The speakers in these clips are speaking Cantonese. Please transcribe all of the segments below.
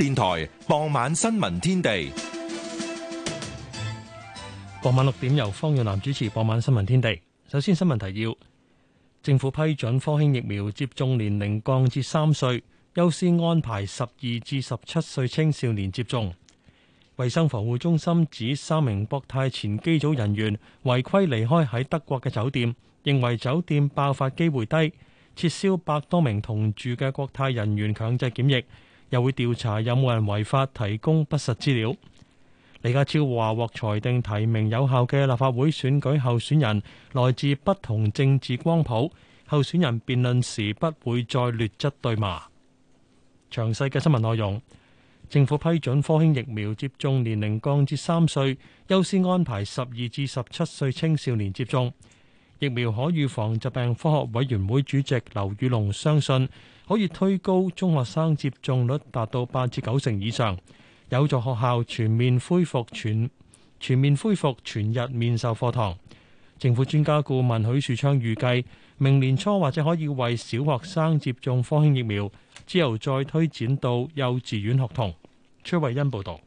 電台傍晚新聞天地，傍晚六點由方耀南主持。傍晚新聞天，天地，首先新聞提要：政府批准科興疫苗接種年齡降至三歲，優先安排十二至十七歲青少年接種。衛生防護中心指三名國泰前機組人員違規離開喺德國嘅酒店，認為酒店爆發機會低，撤銷百多名同住嘅國泰人員強制檢疫。又會調查有冇人違法提供不實資料。李家超話獲裁定提名有效嘅立法會選舉候選人來自不同政治光譜，候選人辯論時不會再劣質對罵。詳細嘅新聞內容，政府批准科興疫苗接種年齡降至三歲，優先安排十二至十七歲青少年接種。疫苗可預防疾病科學委員會主席劉宇龍相信可以推高中學生接種率達到八至九成以上，有助學校全面恢復全、全面恢復全日面授課堂。政府專家顧問許樹昌預計明年初或者可以為小學生接種科興疫苗，之後再推展到幼稚園學童。崔慧欣報導。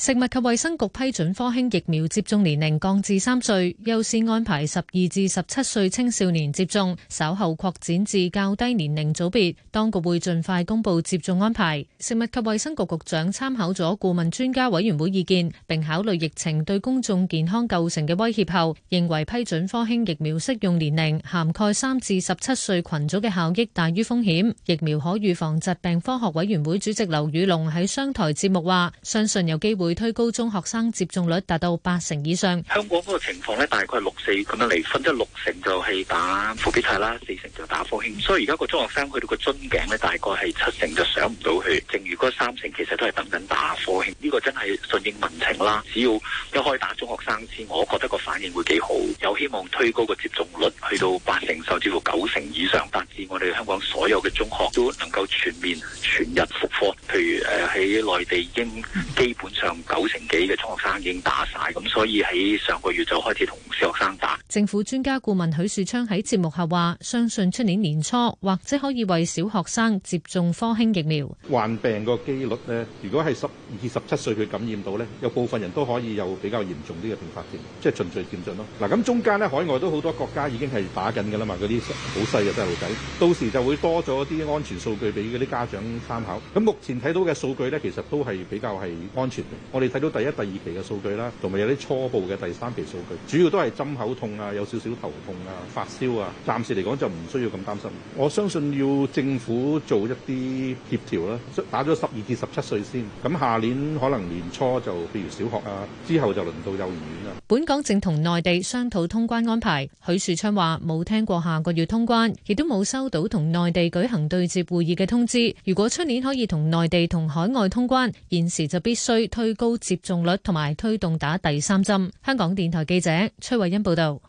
食物及衛生局批准科興疫苗接種年齡降至三歲，優先安排十二至十七歲青少年接種，稍後擴展至較低年齡組別。當局會盡快公佈接種安排。食物及衛生局局長參考咗顧問專家委員會意見，並考慮疫情對公眾健康構成嘅威脅後，認為批准科興疫苗適用年齡涵蓋三至十七歲群組嘅效益大於風險。疫苗可預防疾病科學委員會主席劉宇龍喺商台節目話：相信有機會，會推高中學生接種率達到八成以上。香港嗰個情況咧，大概六四咁樣嚟，分即係六成就係打復必泰啦，四成就打科興。所以而家個中學生去到個樽頸咧，大概係七成就上唔到去，剩餘嗰三成其實都係等緊打科興。呢個真係順應民情啦。只要一開打中學生先，我覺得個反應會幾好。有希望推高個接種率去到八成，甚至乎九成以上，達至我哋香港所有嘅中學都能夠全面全日復課。譬如誒喺內地已經基本上。 九成幾嘅中學生已經打晒，咁所以喺上個月就開始同小學生打。政府專家顧問許樹昌喺節目下話，相信出年年初或者可以為小學生接種科興疫苗。患病個機率咧，如果係十二十七歲佢感染到咧，有部分人都可以有比較嚴重啲嘅併發症，即係循序漸進咯。嗱，咁中間咧，海外都好多國家已經係打緊㗎啦嘛，嗰啲好細嘅細路仔，到時就會多咗啲安全數據俾嗰啲家長參考。咁目前睇到嘅數據咧，其實都係比較係安全嘅。我哋睇到第一、第二期嘅數據啦，同埋有啲初步嘅第三期數據，主要都係針口痛啊，有少少頭痛啊、發燒啊，暫時嚟講就唔需要咁擔心。我相信要政府做一啲協調啦，打咗十二至十七歲先，咁下年可能年初就，譬如小學啊，之後就輪到幼稚園啦。本港正同內地商討通關安排，許樹昌話冇聽過下個月通關，亦都冇收到同內地舉行對接會議嘅通知。如果出年可以同內地同海外通關，現時就必須推高接種率同埋推動打第三針。香港電台記者崔慧欣報道：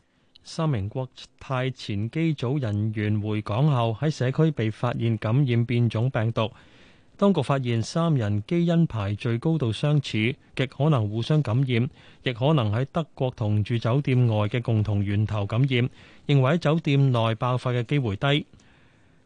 三名國泰前機組人員回港後喺社區被發現感染變種病毒，當局發現三人基因排序高度相似，極可能互相感染，亦可能喺德國同住酒店外嘅共同源頭感染，認為喺酒店內爆發嘅機會低。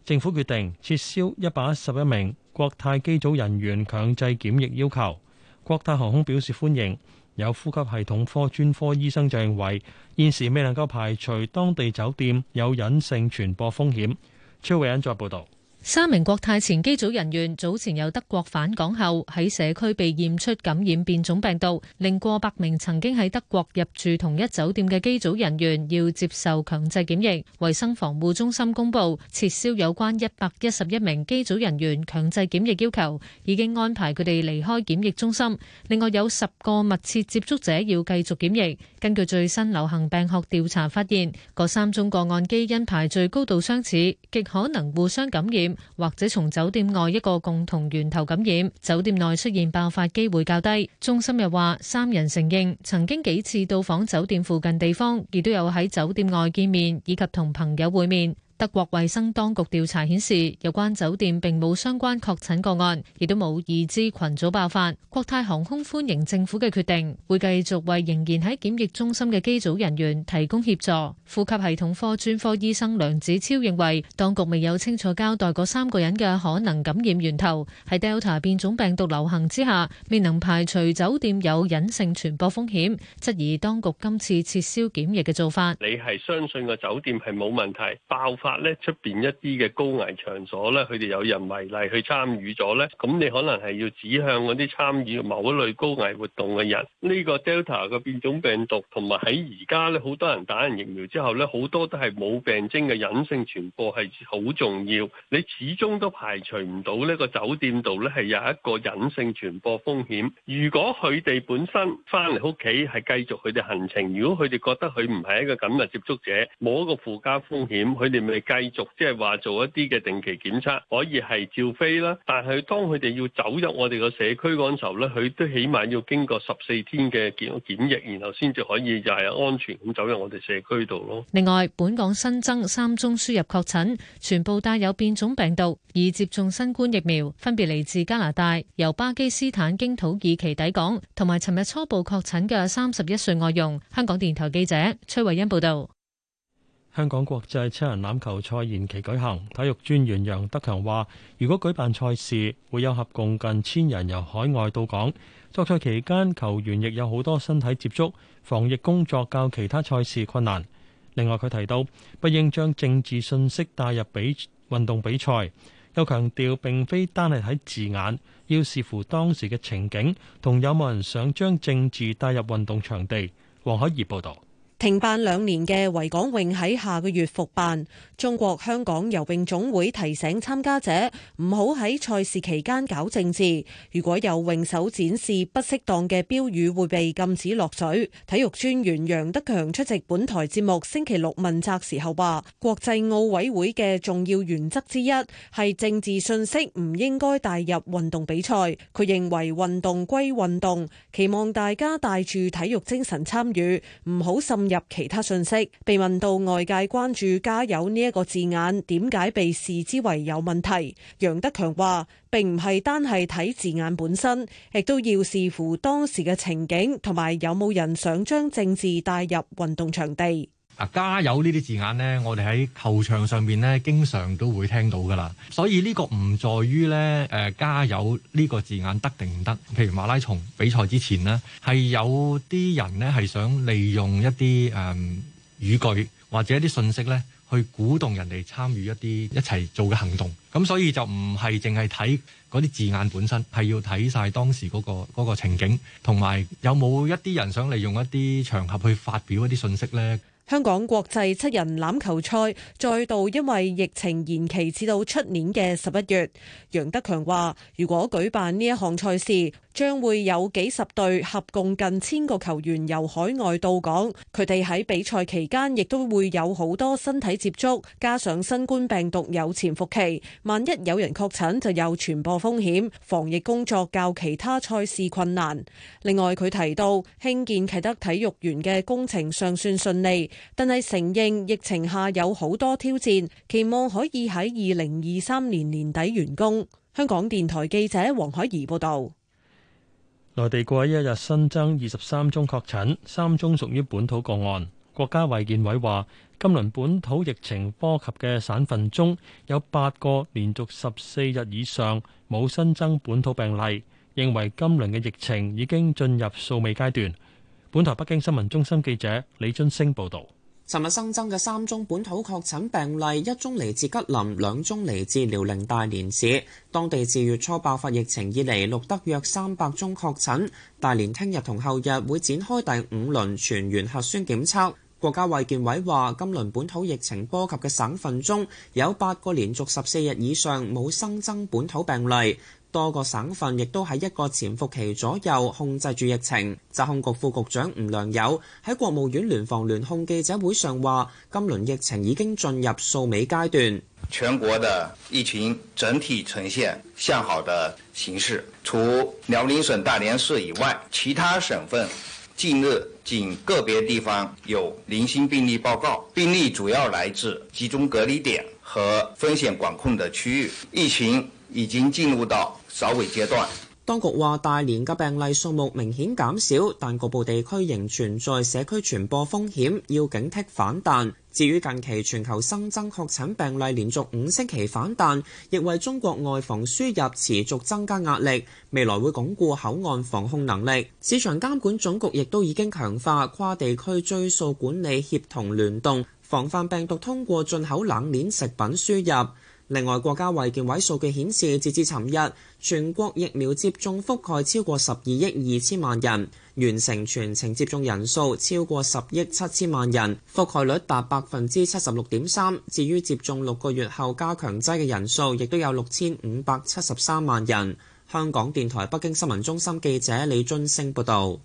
政府決定撤銷一百一十一名國泰機組人員強制檢疫要求。國泰航空表示歡迎。有呼吸系統科專科醫生就認為，現時未能夠排除當地酒店有隱性傳播風險。崔偉恩再報道。三名國泰前機組人員早前由德國返港後，喺社區被驗出感染變種病毒，令過百名曾經喺德國入住同一酒店嘅機組人員要接受強制檢疫。衛生防護中心公布，撤銷有關一百一十一名機組人員強制檢疫要求，已經安排佢哋離開檢疫中心。另外有十個密切接觸者要繼續檢疫。根據最新流行病學調查發現，嗰三宗個案基因排序高度相似，極可能互相感染。或者從酒店外一個共同源頭感染，酒店內出現爆發機會較低。中心又話，三人承認曾經幾次到訪酒店附近地方，亦都有喺酒店外見面，以及同朋友會面。德國衛生當局調查顯示，有關酒店並冇相關確診個案，亦都冇已知群組爆發。國泰航空歡迎政府嘅決定，會繼續為仍然喺檢疫中心嘅機組人員提供協助。呼吸系統科專科醫生梁子超認為，當局未有清楚交代過三個人嘅可能感染源頭，喺 Delta 變種病毒流行之下，未能排除酒店有隱性傳播風險，質疑當局今次撤銷檢疫嘅做法。你係相信個酒店係冇問題爆發？咧出邊一啲嘅高危場所咧，佢哋有人為例去參與咗咧，咁你可能係要指向嗰啲參與某一類高危活動嘅人。呢個 Delta 個變種病毒同埋喺而家咧，好多人打完疫苗之後咧，好多都係冇病徵嘅隱性傳播係好重要。你始終都排除唔到呢個酒店度咧係有一個隱性傳播風險。如果佢哋本身返嚟屋企係繼續佢哋行程，如果佢哋覺得佢唔係一個緊密接觸者，冇一個附加風險，佢哋咪繼續即係話做一啲嘅定期檢測，可以係照飛啦。但係當佢哋要走入我哋個社區嗰陣時候咧，佢都起碼要經過十四天嘅健康檢疫，然後先至可以就係安全咁走入我哋社區度咯。另外，本港新增三宗輸入確診，全部帶有變種病毒，已接種新冠疫苗，分別嚟自加拿大、由巴基斯坦經土耳其抵港，同埋尋日初步確診嘅三十一歲外傭。香港電台記者崔慧欣報道。香港國際七人欖球賽延期舉行，體育專員楊德強話：如果舉辦賽事，會有合共近千人由海外到港。作賽期間，球員亦有好多身體接觸，防疫工作較其他賽事困難。另外，佢提到，不應將政治信息帶入比運動比賽。又強調，並非單係喺字眼，要視乎當時嘅情景同有冇人想將政治帶入運動場地。黃海怡報導。停辦兩年嘅維港泳喺下個月復辦。中國香港游泳總會提醒參加者唔好喺賽事期間搞政治。如果有泳手展示不適當嘅標語，會被禁止落水。體育專員楊德強出席本台節目星期六問責時候話，國際奧委會嘅重要原則之一係政治信息唔應該帶入運動比賽。佢認為運動歸運動，期望大家帶住體育精神參與，唔好滲入其他信息。被問到外界關注加油呢一個字眼，點解被視之為有問題？楊德強話，並唔係單係睇字眼本身，亦都要視乎當時嘅情景，同埋有冇人想將政治帶入運動場地。加油呢啲字眼呢，我哋喺球場上面呢，經常都會聽到噶啦。所以呢個唔在於呢誒、呃、加油呢個字眼得定唔得？譬如馬拉松比賽之前呢，係有啲人呢係想利用一啲誒、嗯、語句或者一啲信息呢，去鼓動人哋參與一啲一齊做嘅行動。咁所以就唔係淨係睇嗰啲字眼本身，係要睇晒當時嗰個嗰個情景，同埋有冇一啲人想利用一啲場合去發表一啲信息呢。香港國際七人欖球賽再度因為疫情延期至到出年嘅十一月。楊德強話，如果舉辦呢一項賽事，將會有幾十隊合共近千個球員由海外到港，佢哋喺比賽期間亦都會有好多身體接觸，加上新冠病毒有潛伏期，萬一有人確診就有傳播風險，防疫工作較其他賽事困難。另外，佢提到興建啟德體育園嘅工程尚算順利，但係承認疫情下有好多挑戰，期望可以喺二零二三年年底完工。香港電台記者黃海怡報道。內地過去一日新增二十三宗確診，三宗屬於本土個案。國家衛健委話，今輪本土疫情波及嘅省份中有八個連續十四日以上冇新增本土病例，認為今輪嘅疫情已經進入掃尾階段。本台北京新聞中心記者李津升報道。尋日新增嘅三宗本土確診病例，一宗嚟自吉林，兩宗嚟自遼寧大連市。當地自月初爆發疫情以嚟，錄得約三百宗確診。大連聽日同後日會展開第五輪全員核酸檢測。國家衛健委話，今輪本土疫情波及嘅省份中有八個連續十四日以上冇新增本土病例。多個省份亦都喺一個潛伏期左右控制住疫情。疾控局副局長吳良有喺國務院聯防聯控記者會上話，今輪疫情已經進入收尾階段，全國的疫情整體呈現向好的形勢。除遼寧省大連市以外，其他省份近日僅個別地方有零星病例報告，病例主要來自集中隔離點和風險管控的區域，疫情已經進入到。稍微當局話，大連嘅病例數目明顯減少，但局部地區仍存在社區傳播風險，要警惕反彈。至於近期全球新增確診病例連續五星期反彈，亦為中國外防輸入持續增加壓力。未來會鞏固口岸防控能力。市場監管總局亦都已經強化跨地區追溯管理協同聯動，防範病毒通過進口冷鏈食品輸入。另外，國家衛健委數據顯示，截至尋日，全國疫苗接種覆蓋超過十二億二千萬人，完成全程接種人數超過十億七千萬人，覆蓋率達百分之七十六點三。至於接種六個月後加強劑嘅人數，亦都有六千五百七十三萬人。香港電台北京新聞中心記者李津升報道。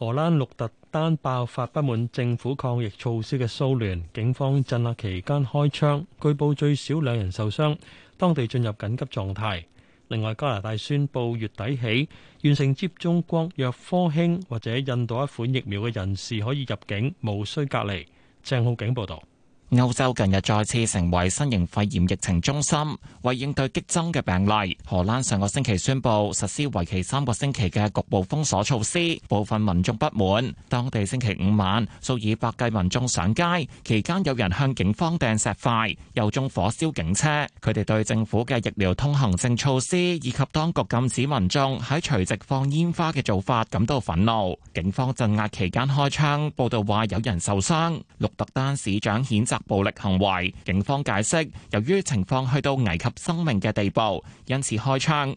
荷蘭鹿特丹爆發不滿政府抗疫措施嘅騷亂，警方鎮壓期間開槍，據報最少兩人受傷，當地進入緊急狀態。另外，加拿大宣布月底起，完成接種國藥科興或者印度一款疫苗嘅人士可以入境，無需隔離。鄭浩景報道。歐洲近日再次成為新型肺炎疫情中心，為應對激增嘅病例，荷蘭上個星期宣布實施為期三個星期嘅局部封鎖措施。部分民眾不滿，當地星期五晚數以百計民眾上街，期間有人向警方掟石塊，又縱火燒警車。佢哋對政府嘅疫苗通行證措施以及當局禁止民眾喺除夕放煙花嘅做法感到憤怒。警方鎮壓期間開槍，報道話有人受傷。鹿特丹市長譴責暴力行為，警方解釋，由於情況去到危及生命嘅地步，因此開槍。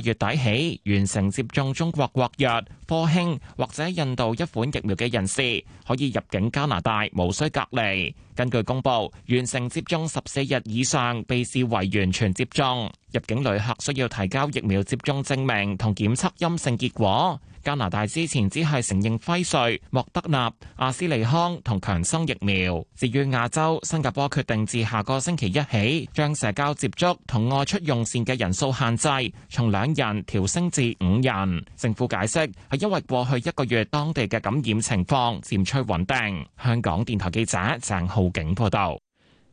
月底起，完成接種中國國藥、科興或者印度一款疫苗嘅人士，可以入境加拿大，無需隔離。根據公布，完成接種十四日以上，被視為完全接種。入境旅客需要提交疫苗接種證明同檢測陰性結果。加拿大之前只係承認輝瑞、莫德納、阿斯利康同強生疫苗。至於亞洲，新加坡決定自下個星期一起，將社交接觸同外出用膳嘅人數限制從兩人調升至五人。政府解釋係因為過去一個月當地嘅感染情況漸趨穩定。香港電台記者鄭浩景報道。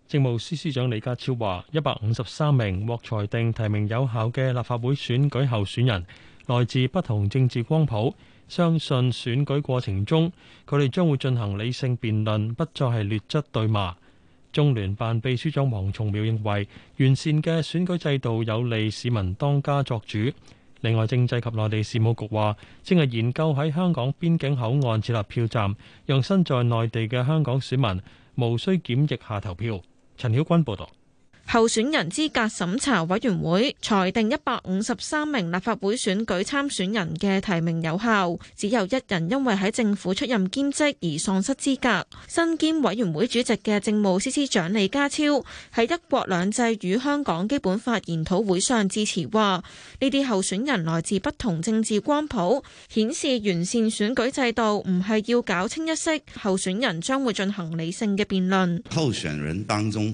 政務司司長李家超話：一百五十三名獲裁定提名有效嘅立法會選舉候選人。來自不同政治光譜，相信選舉過程中，佢哋將會進行理性辯論，不再係劣質對罵。中聯辦秘書長王松苗認為，完善嘅選舉制度有利市民當家作主。另外，政制及內地事務局話，正係研究喺香港邊境口岸設立票站，讓身在內地嘅香港市民無需檢疫下投票。陳曉君報導。候選人資格審查委員會裁定一百五十三名立法會選舉參選人嘅提名有效，只有一人因為喺政府出任兼職而喪失資格。身兼委員會主席嘅政務司司長李家超喺一國兩制與香港基本法研討會上致辭話：呢啲候選人來自不同政治光譜，顯示完善選舉制度唔係要搞清一色，候選人將會進行理性嘅辯論。候選人當中。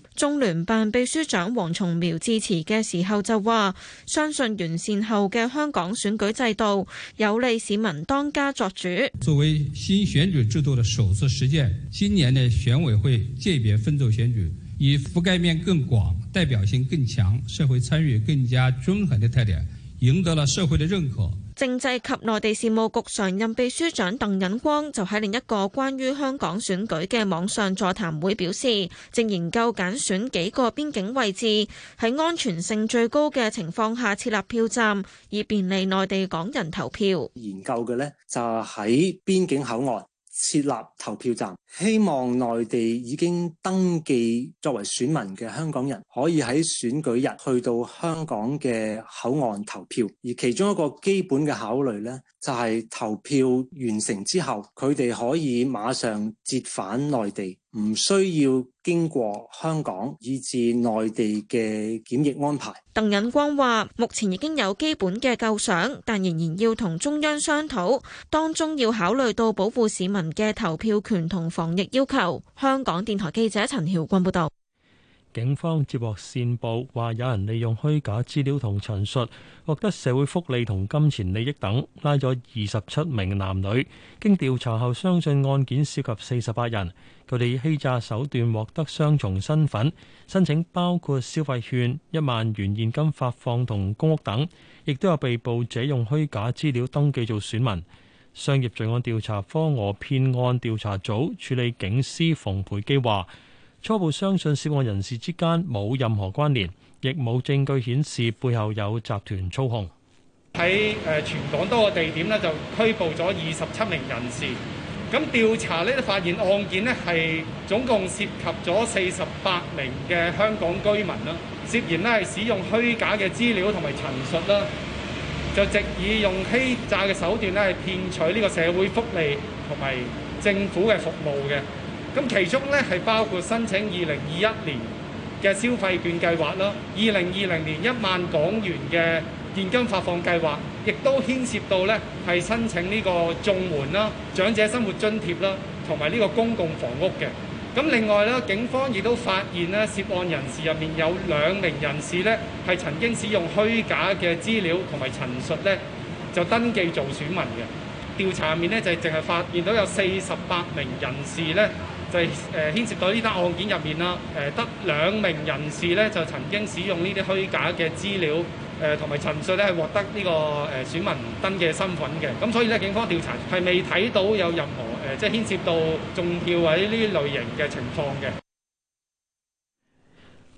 中聯辦秘書長王松苗致辭嘅時候就話：相信完善後嘅香港選舉制度，有利市民當家作主。作為新選舉制度嘅首次實踐，今年嘅選委會界別分組選舉，以覆蓋面更廣、代表性更強、社會參與更加均衡嘅特點。贏得了社會的認可。政制及內地事務局常任秘書長鄧引光就喺另一個關於香港選舉嘅網上座談會表示，正研究揀選，選幾個邊境位置，喺安全性最高嘅情況下設立票站，以便利內地港人投票。研究嘅呢，就喺邊境口岸。設立投票站，希望內地已經登記作為選民嘅香港人，可以喺選舉日去到香港嘅口岸投票。而其中一個基本嘅考慮呢，就係投票完成之後，佢哋可以馬上折返內地。唔需要經過香港以至內地嘅檢疫安排。鄧引光話：目前已經有基本嘅構想，但仍然要同中央商討，當中要考慮到保護市民嘅投票權同防疫要求。香港電台記者陳曉君報導。警方接獲線報，話有人利用虛假資料同陳述，獲得社會福利同金錢利益等，拉咗二十七名男女。經調查後，相信案件涉及四十八人。佢哋以欺詐手段獲得雙重身份，申請包括消費券、一萬元現金發放同公屋等，亦都有被捕者用虛假資料登記做選民。商業罪案調查科訛騙案調查組處理警司馮培基話。初步相信涉案人士之間冇任何關聯，亦冇證據顯示背後有集團操控。喺誒全港多個地點呢就拘捕咗二十七名人士。咁調查咧，發現案件呢係總共涉及咗四十八名嘅香港居民啦，涉嫌呢係使用虛假嘅資料同埋陳述啦，就藉以用欺詐嘅手段呢係騙取呢個社會福利同埋政府嘅服務嘅。咁其中咧係包括申請二零二一年嘅消費券計劃啦，二零二零年一萬港元嘅現金發放計劃，亦都牽涉到咧係申請呢個綜援啦、長者生活津貼啦，同埋呢個公共房屋嘅。咁另外咧，警方亦都發現咧涉案人士入面有兩名人士咧係曾經使用虛假嘅資料同埋陳述咧就登記做選民嘅。調查面咧就係淨係發現到有四十八名人士咧。就係誒牽涉到呢單案件入面啦，誒、呃、得兩名人士咧就曾經使用呢啲虛假嘅資料，誒同埋陳述咧係獲得呢、這個誒、呃、選民登嘅身份嘅，咁、嗯、所以咧警方調查係未睇到有任何誒、呃、即係牽涉到種票位呢類型嘅情況嘅。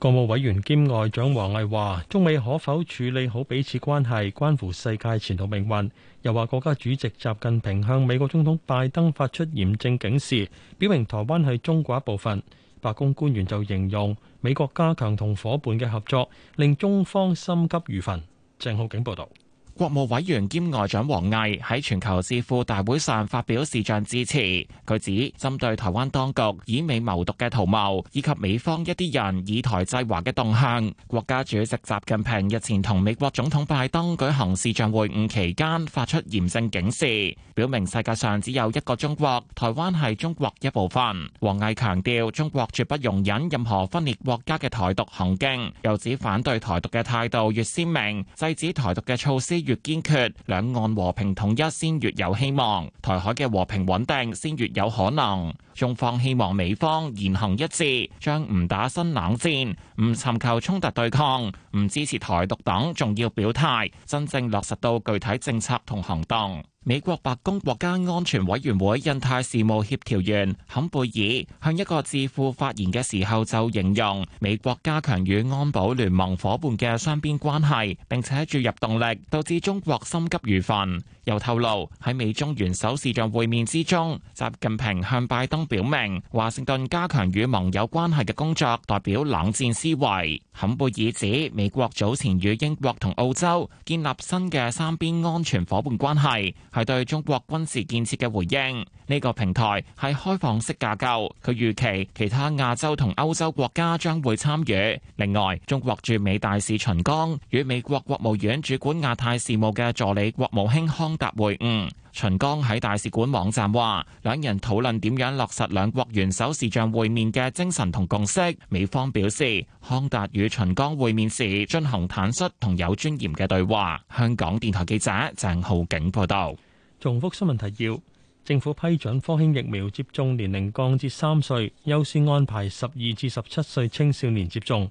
國務委員兼外長王毅話：中美可否處理好彼此關係，關乎世界前途命運。又話國家主席習近平向美國總統拜登發出嚴正警示，表明台灣係中國一部分。白宮官員就形容美國加強同伙伴嘅合作，令中方心急如焚。鄭浩景報道。國務委員兼外長王毅喺全球智庫大會上發表視像致辭。佢指，針對台灣當局以美謀獨嘅圖謀，以及美方一啲人以台制華嘅動向，國家主席習近平日前同美國總統拜登舉行視像會晤期間發出嚴正警示，表明世界上只有一個中國，台灣係中國一部分。王毅強調，中國絕不容忍任何分裂國家嘅台獨行徑，又指反對台獨嘅態度越鮮明，制止台獨嘅措施。越堅決，兩岸和平統一先越有希望，台海嘅和平穩定先越有可能。中方希望美方言行一致，將唔打新冷戰，唔尋求衝突對抗。唔支持台獨黨，仲要表態，真正落實到具體政策同行動。美國白宮國家安全委員會印太事務協調員坎貝爾向一個智庫發言嘅時候就形容，美國加強與安保聯盟伙伴嘅雙邊關係，並且注入動力，導致中國心急如焚。又透露喺美中元首視像會面之中，習近平向拜登表明，華盛頓加強與盟友關係嘅工作代表冷戰思維。坎貝爾指，美國早前與英國同澳洲建立新嘅三邊安全伙伴關係，係對中國軍事建設嘅回應。呢個平台係開放式架構，佢預期其他亞洲同歐洲國家將會參與。另外，中國駐美大使秦剛與美國國務院主管亞太事務嘅助理國務卿康達會晤。秦剛喺大使館網站話，兩人討論點樣落實兩國元首視像會面嘅精神同共識，美方表示，康達與秦剛會面時進行坦率同有尊嚴嘅對話，香港電台記者鄭浩景報道。重複新聞提要。政府批准科興疫苗接種年齡降至三歲，優先安排十二至十七歲青少年接種。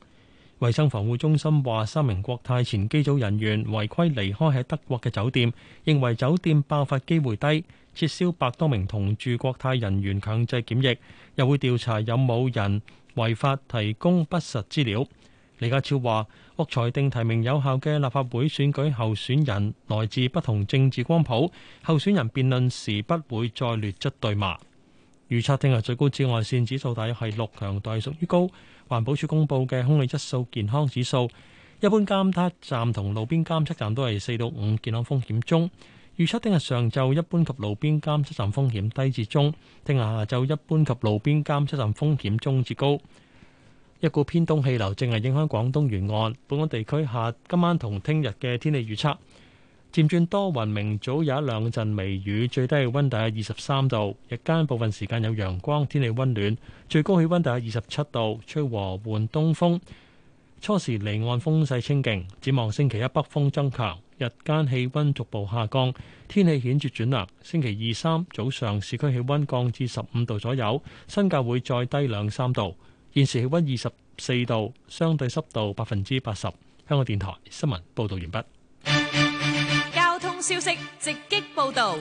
衛生防護中心話，三名國泰前機組人員違規離開喺德國嘅酒店，認為酒店爆發機會低，撤銷百多名同住國泰人員強制檢疫，又會調查有冇人違法提供不實資料。李家超話：獲裁定提名有效嘅立法會選舉候選人來自不同政治光譜，候選人辯論時不會再劣質對罵。預測聽日最高紫外線指數大約係六，強度屬於高。環保署公布嘅空氣質素健康指數，一般監測站同路邊監測站都係四到五，健康風險中。預測聽日上晝一般及路邊監測站風險低至中，聽日下晝一般及路邊監測站風險中至高。一股偏東氣流正係影響廣東沿岸。本港地區下，今晚同聽日嘅天氣預測，漸轉多雲，明早有一兩陣微雨，最低氣温大概二十三度，日間部分時間有陽光，天氣温暖，最高氣温大概二十七度，吹和緩東風，初時離岸風勢清勁。展望星期一北風增強，日間氣温逐步下降，天氣顯著轉涼。星期二三早上市區氣温降至十五度左右，新界會再低兩三度。現時氣溫二十四度，相對濕度百分之八十。香港電台新聞報道完畢。交通消息直擊報道。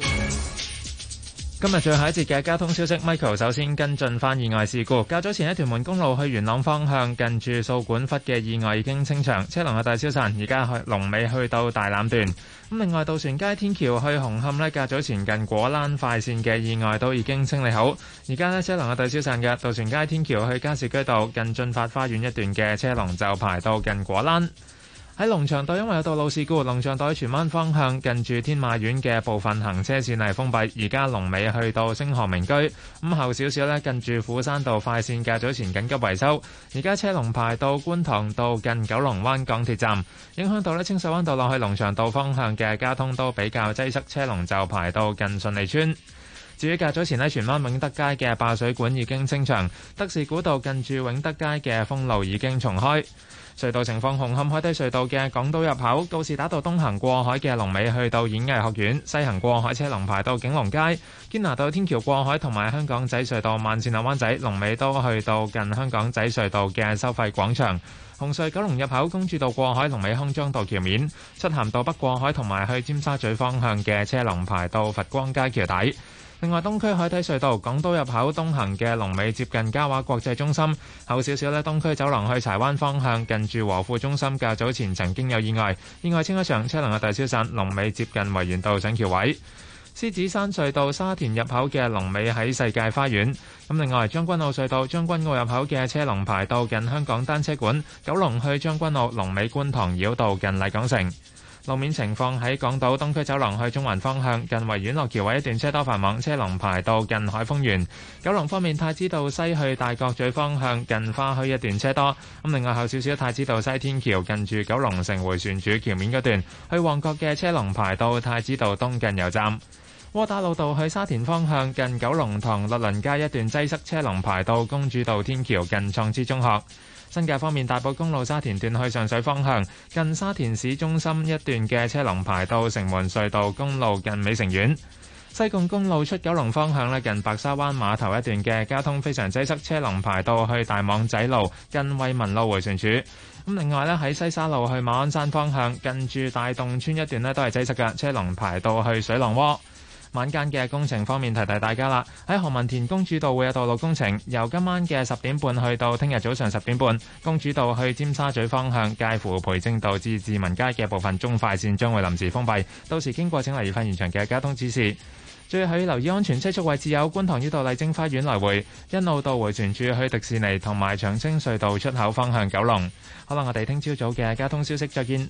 今日最後一節嘅交通消息，Michael 首先跟進翻意外事故。較早前一屯門公路去元朗方向，近住掃管笏嘅意外已經清場，車龍嘅大消散。而家去龍尾去到大欖段。咁另外，渡船街天橋去紅磡呢，較早前近果欄快線嘅意外都已經清理好，而家呢，車龍嘅大消散嘅渡船街天橋去加士居道近駿發花園一段嘅車龍就排到近果欄。喺龍翔道，因為有道路事故，龍翔道喺荃灣方向近住天馬苑嘅部分行車線係封閉，而家龍尾去到星河名居。咁後少少呢，近住虎山道快線較早前緊急維修，而家車龍排到觀塘道近九龍灣港鐵站，影響到呢清水灣道落去龍翔道方向嘅交通都比較擠塞，車龍就排到近順利村。至於較早前喺荃灣永德街嘅爆水管已經清場，德士古道近住永德街嘅封路已經重開。隧道情況：紅磡海底隧道嘅港島入口，告士打道東行過海嘅龍尾去到演藝學院；西行過海車龍排到景隆街。堅拿道天橋過海同埋香港仔隧道慢線落灣仔龍尾都去到近香港仔隧道嘅收費廣場。紅隧九龍入口公主道過海龍尾康莊道橋面，漆鹹道北過海同埋去尖沙咀方向嘅車龍排到佛光街橋底。另外，東區海底隧道港島入口東行嘅龍尾接近嘉華國際中心。後少少咧，東區走廊去柴灣方向，近住和富中心較早前曾經有意外。意外清一場車龍嘅大消散，龍尾接近維園道上橋位。獅子山隧道沙田入口嘅龍尾喺世界花園。咁另外，將軍澳隧道將軍澳入口嘅車龍排到近香港單車館，九龍去將軍澳龍尾觀塘繞道近麗港城。路面情況喺港島東區走廊去中環方向，近維園落橋位一段車多繁忙，車龍排到近海峰園。九龍方面，太子道西去大角咀方向，近花墟一段車多。咁另外，後少少太子道西天橋，近住九龍城迴旋處橋面嗰段，去旺角嘅車龍排到太子道東近油站。窩打老道去沙田方向，近九龍塘律倫街一段擠塞，車龍排到公主道天橋近創知中學。新界方面，大埔公路沙田段去上水方向，近沙田市中心一段嘅車龍排到城門隧道公路近美城苑；西貢公路出九龍方向咧，近白沙灣碼頭一段嘅交通非常擠塞，車龍排到去大網仔路近惠民路迴旋處。咁另外咧喺西沙路去馬鞍山方向，近住大洞村一段咧都係擠塞嘅，車龍排到去水浪窩。晚間嘅工程方面，提提大家啦。喺何文田公主道會有道路工程，由今晚嘅十點半去到聽日早上十點半，公主道去尖沙咀方向介乎培正道至孝民街嘅部分中快線將會臨時封閉。到時經過，請留意現場嘅交通指示。最意喺留意安全車速位置有觀塘繞道麗晶花園來回，一路到回旋處去迪士尼同埋長青隧道出口方向九龍。好啦，我哋聽朝早嘅交通消息再見。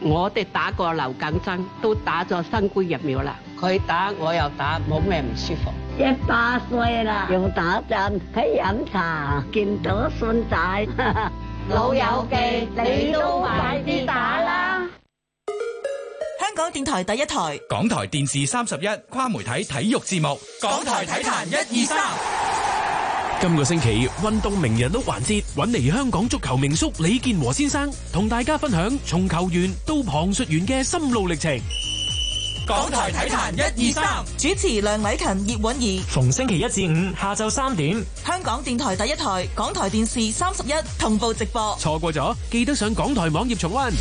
我哋打過流感針，都打咗新冠疫苗啦。佢打，我又打，冇咩唔舒服。一百歲啦，又打針，喺飲茶，見到孫仔，老友記，你都快啲打啦！香港電台第一台，港台電視三十一，跨媒體體育節目，港台體壇一二三。今個星期運動名人屋環節，搵嚟香港足球名宿李健和先生同大家分享從球員到旁述員嘅心路歷程。港台體壇一二三，主持梁偉勤、葉允兒。逢星期一至五下晝三點，香港電台第一台、港台電視三十一同步直播。錯過咗，記得上港台網頁重温。